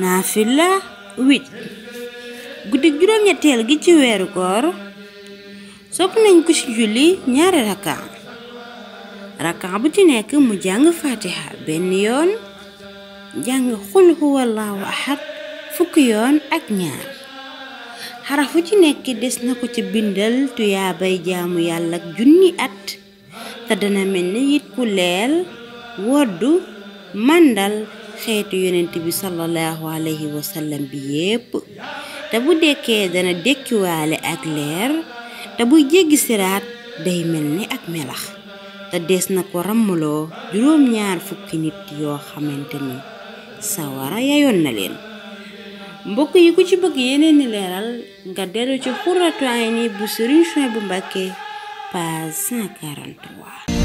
naafila huit guddi juróom-ñetteel gi ci weeru koor sopp nañ ko ci julli ñaari rakka rakka bu ci nekk mu jàng fatiha benn yoon jàng xul huwallahu ahad fukki yoon ak ñaar xarafu ci nekk des na ko ci bindal tuyaabay jaamu yàlla ak junni at te dana mel ni it ku leel woddu mandal xeetu yonent bi sallallahu alayhi wa sallam bi yépp te bu dekkee dana dékkiwaale ak leer te buy jéggi siraat day mel ni ak melax te des na ko ràmmaloo juróom ñaar fukki nit yoo xamante ni sawara yayoon na leen mbokk yi ku ci bëgg yeneen i leeral nga dellu ci Xurratu Ayni bu Sëriñ Suwaybu bu Mbàkke page 143